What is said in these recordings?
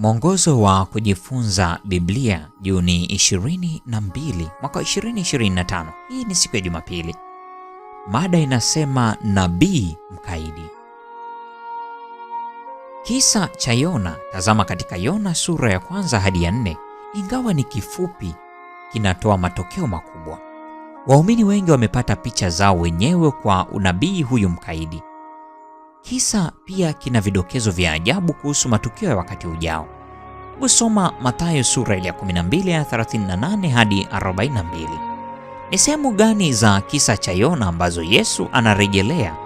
Mwongozo wa kujifunza Biblia Juni 22 mwaka 2025. Hii ni siku ya Jumapili. Mada inasema nabii mkaidi. Kisa cha Yona, tazama katika Yona sura ya kwanza hadi ya nne. Ingawa ni kifupi, kinatoa matokeo makubwa. Waumini wengi wamepata picha zao wenyewe kwa unabii huyu mkaidi. Kisa pia kina vidokezo vya ajabu kuhusu matukio ya wakati ujao. Hebu soma Mathayo sura ya 12 ya 38 hadi 42. Ni sehemu gani za kisa cha Yona ambazo Yesu anarejelea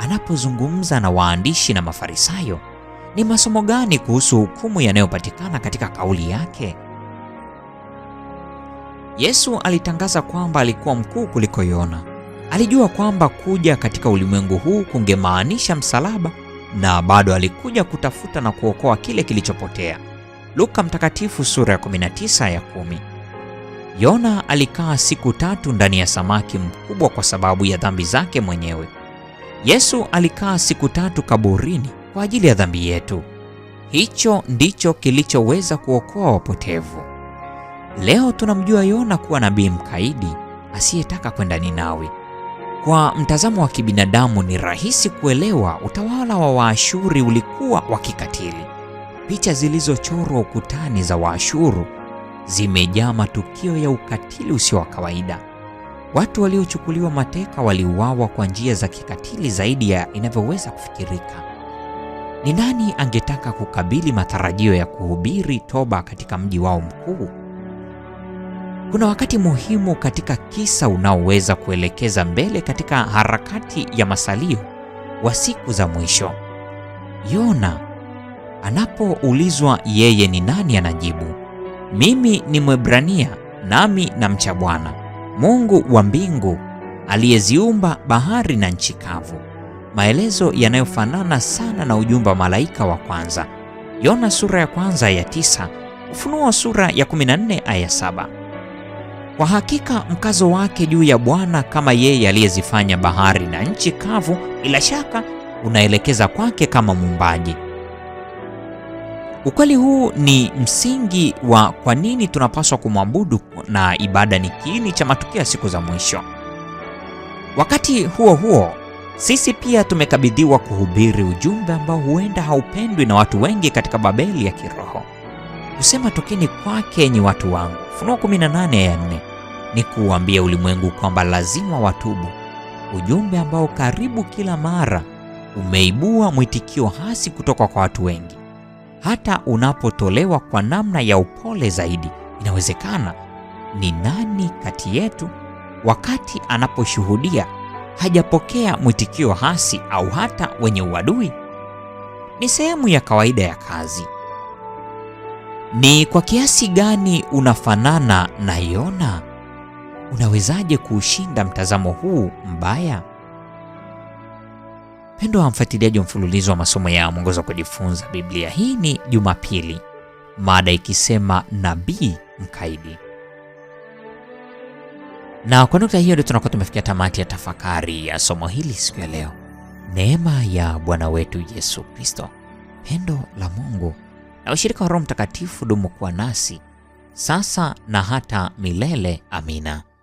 anapozungumza na waandishi na Mafarisayo? Ni masomo gani kuhusu hukumu yanayopatikana katika kauli yake? Yesu alitangaza kwamba alikuwa mkuu kuliko Yona. Alijua kwamba kuja katika ulimwengu huu kungemaanisha msalaba, na bado alikuja kutafuta na kuokoa kile kilichopotea. Luka Mtakatifu sura ya 19 ya 10. Yona alikaa siku tatu ndani ya samaki mkubwa kwa sababu ya dhambi zake mwenyewe. Yesu alikaa siku tatu kaburini kwa ajili ya dhambi yetu. Hicho ndicho kilichoweza kuokoa wapotevu. Leo tunamjua Yona kuwa nabii mkaidi asiyetaka kwenda Ninawi. Kwa mtazamo wa kibinadamu, ni rahisi kuelewa utawala wa Waashuri ulikuwa wa kikatili. Picha zilizochorwa ukutani za Waashuru zimejaa matukio ya ukatili usio wa kawaida. Watu waliochukuliwa mateka waliuawa kwa njia za kikatili zaidi ya inavyoweza kufikirika. Ni nani angetaka kukabili matarajio ya kuhubiri toba katika mji wao mkuu? Kuna wakati muhimu katika kisa unaoweza kuelekeza mbele katika harakati ya masalio wa siku za mwisho. Yona anapoulizwa yeye ni nani, anajibu mimi ni Mwebrania nami na mcha Bwana Mungu wa mbingu aliyeziumba bahari na nchi kavu. Maelezo yanayofanana sana na ujumbe wa malaika wa kwanza, Yona sura ya kwanza aya tisa, Ufunuo sura ya 14 aya saba. Kwa hakika mkazo wake juu ya Bwana kama yeye aliyezifanya bahari na nchi kavu, bila shaka unaelekeza kwake kama muumbaji. Ukweli huu ni msingi wa kwa nini tunapaswa kumwabudu na ibada ni kiini cha matukio ya siku za mwisho. Wakati huo huo, sisi pia tumekabidhiwa kuhubiri ujumbe ambao huenda haupendwi na watu wengi katika Babeli ya kiroho husema tokeni kwake enyi watu wangu, Ufunuo 18 ya 4, ni kuuambia ulimwengu kwamba lazima watubu, ujumbe ambao karibu kila mara umeibua mwitikio hasi kutoka kwa watu wengi. Hata unapotolewa kwa namna ya upole zaidi, inawezekana ni nani kati yetu wakati anaposhuhudia hajapokea mwitikio hasi au hata wenye uadui? Ni sehemu ya kawaida ya kazi. Ni kwa kiasi gani unafanana na Yona? Unawezaje kuushinda mtazamo huu mbaya? Pendo wa mfuatiliaji wa mfululizo wa masomo ya mwongozo wa kujifunza Biblia, hii ni Jumapili, mada ikisema nabii mkaidi. Na kwa nukta hiyo ndio tunakuwa tumefikia tamati ya tafakari ya somo hili siku ya leo. Neema ya Bwana wetu Yesu Kristo, pendo la Mungu na ushirika wa Roho Mtakatifu dumu kuwa nasi sasa na hata milele. Amina.